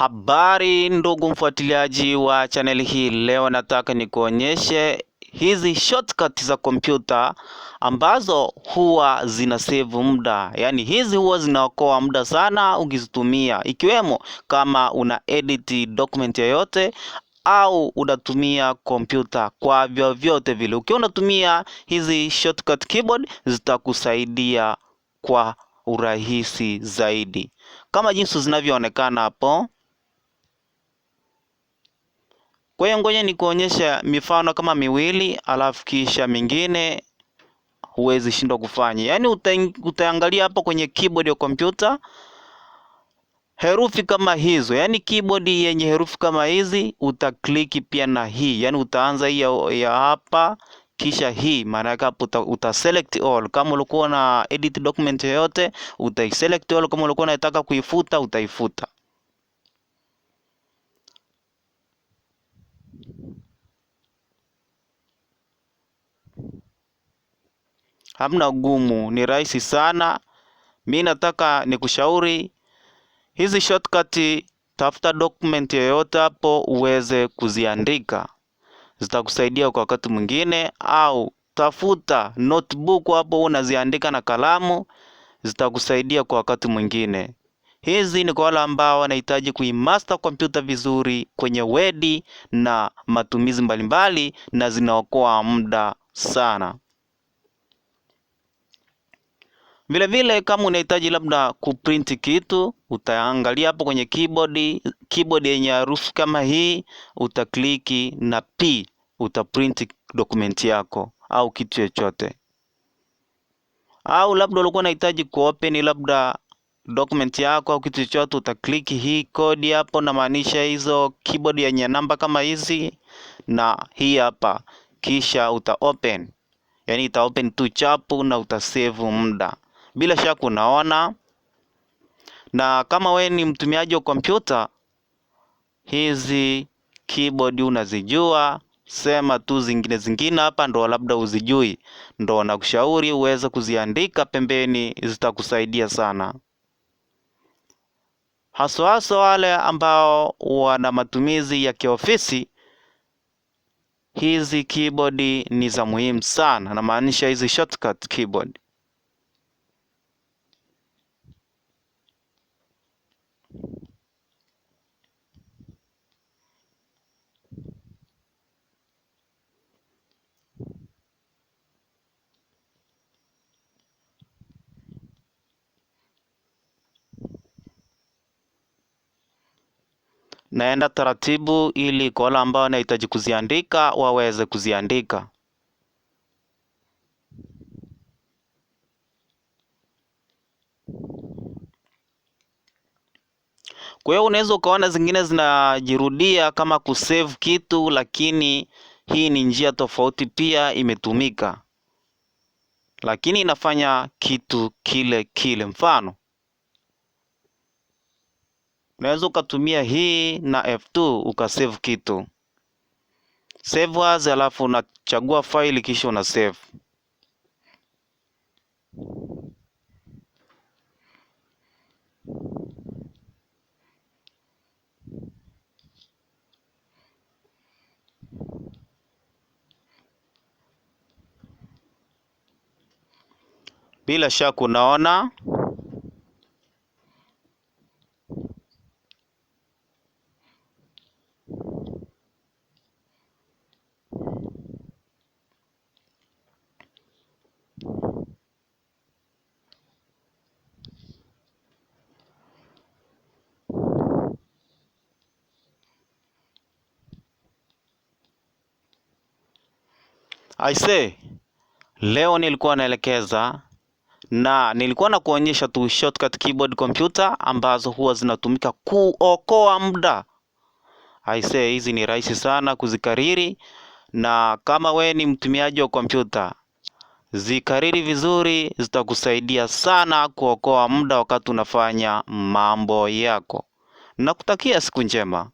Habari ndugu mfuatiliaji wa channel hii, leo nataka nikuonyeshe hizi shortcut za kompyuta ambazo huwa zina save muda, yaani hizi huwa zinaokoa muda sana ukizitumia, ikiwemo kama una edit document yoyote au unatumia kompyuta kwa vyovyote vile. Ukiwa unatumia hizi shortcut keyboard zitakusaidia kwa urahisi zaidi, kama jinsi zinavyoonekana hapo. Kwa hiyo ngoja ni kuonyesha mifano kama miwili alafu kisha mingine huwezi shindwa kufanya. Yaani utaangalia hapo kwenye keyboard ya kompyuta herufi kama hizo, yaani keyboard yenye herufi kama hizi utakliki pia na hii, yaani utaanza hii ya, ya hapa kisha hii, maana yake hapo uta, uta select all. Kama ulikuwa na edit document yoyote utai select all, kama ulikuwa unataka kuifuta utaifuta. hamna gumu, ni rahisi sana. Mi nataka nikushauri hizi shortcut, tafuta document yoyote hapo uweze kuziandika, zitakusaidia kwa wakati mwingine, au tafuta notebook hapo unaziandika na kalamu, zitakusaidia kwa wakati mwingine. Hizi ni kwa wale ambao wanahitaji kuimaster kompyuta vizuri kwenye wedi na matumizi mbalimbali, na zinaokoa muda sana. Vile vile kama unahitaji labda kuprint kitu, utaangalia hapo kwenye keyboard, keyboard yenye harufu kama hii, utakliki na P, utaprint dokumenti yako au kitu chochote. Au labda ulikuwa unahitaji kuopen labda document yako au kitu chochote, utakliki hii kodi hapo, maanisha hizo keyboard yenye namba kama hizi na hii hapa, kisha uta open, yaani ita open tu chapu na utasave muda bila shaka unaona, na kama we ni mtumiaji wa kompyuta, hizi keyboard unazijua, sema tu zingine zingine hapa ndo labda uzijui, ndo nakushauri uweze kuziandika pembeni, zitakusaidia sana haswa haswa wale ambao wana matumizi ya kiofisi. Hizi keyboard ni za muhimu sana, namaanisha hizi shortcut keyboard. naenda taratibu ili kwa wale ambao wanahitaji kuziandika waweze kuziandika. Kwa hiyo unaweza ukaona zingine zinajirudia kama kusave kitu, lakini hii ni njia tofauti pia imetumika, lakini inafanya kitu kile kile. Mfano, Unaweza ukatumia hii na F2 ukasave kitu. Save as, alafu unachagua file kisha una save. Bila shaka unaona Aise, leo nilikuwa naelekeza na nilikuwa na kuonyesha tu shortcut keyboard computer ambazo huwa zinatumika kuokoa muda. Aise, hizi ni rahisi sana kuzikariri, na kama we ni mtumiaji wa kompyuta, zikariri vizuri, zitakusaidia sana kuokoa muda wakati unafanya mambo yako. Nakutakia siku njema.